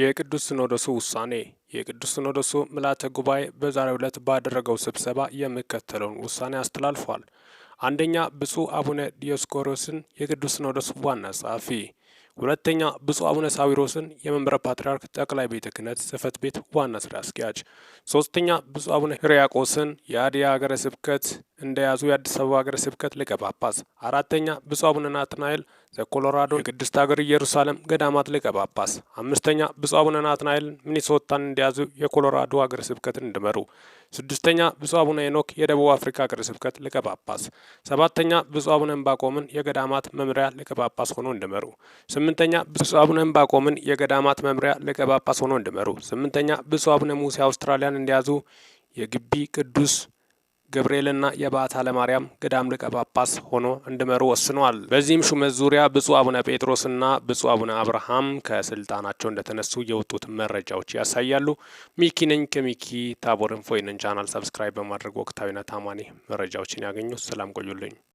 የቅዱስ ሲኖዶሱ ውሳኔ። የቅዱስ ሲኖዶሱ ምልዓተ ጉባኤ በዛሬው ዕለት ባደረገው ስብሰባ የሚከተለውን ውሳኔ አስተላልፏል። አንደኛ፣ ብፁዕ አቡነ ዲዮስቆሮስን የቅዱስ ሲኖዶስ ዋና ጸሐፊ፣ ሁለተኛ፣ ብፁዕ አቡነ ሳዊሮስን የመንበረ ፓትርያርክ ጠቅላይ ቤተ ክህነት ጽሕፈት ቤት ዋና ስራ አስኪያጅ፣ ሶስተኛ፣ ብፁዕ አቡነ ሕርያቆስን የሀዲያ ሀገረ ስብከት እንደያዙ የአዲስ አበባ ሀገረ ስብከት ሊቀ ጳጳስ፣ አራተኛ ብፁዕ አቡነ ናትናኤል ዘኮሎራዶ የቅድስት ሀገር ኢየሩሳሌም ገዳማት ሊቀ ጳጳስ፣ አምስተኛ ብፁዕ አቡነ ናትናኤል ሚኒሶታን እንደያዙ የኮሎራዶ ሀገረ ስብከት እንዲመሩ፣ ስድስተኛ ብፁዕ አቡነ ኤኖክ የደቡብ አፍሪካ ሀገረ ስብከት ሊቀ ጳጳስ፣ ሰባተኛ ብፁዕ አቡነ ዕንባቆምን የገዳማት መምሪያ ሊቀ ጳጳስ ሆኖ እንዲመሩ፣ ስምንተኛ ብፁዕ አቡነ ዕንባቆምን የገዳማት መምሪያ ሊቀ ጳጳስ ሆኖ እንዲመሩ፣ ስምንተኛ ብፁዕ አቡነ ሙሴ አውስትራሊያን እንደያዙ የግቢ ቅዱስ ገብርኤልና የባት አለማርያም ገዳም ሊቀ ጳጳስ ሆኖ እንዲመሩ ወስኗል። በዚህም ሹመት ዙሪያ ብፁዕ አቡነ ጴጥሮስና ብፁዕ አቡነ አብርሃም ከስልጣናቸው እንደተነሱ የወጡት መረጃዎች ያሳያሉ። ሚኪ ነኝ ከሚኪ ታቦር ኢንፎ። ይህንን ቻናል ሰብስክራይብ በማድረግ ወቅታዊና ታማኒ መረጃዎችን ያገኙ። ሰላም ቆዩልኝ።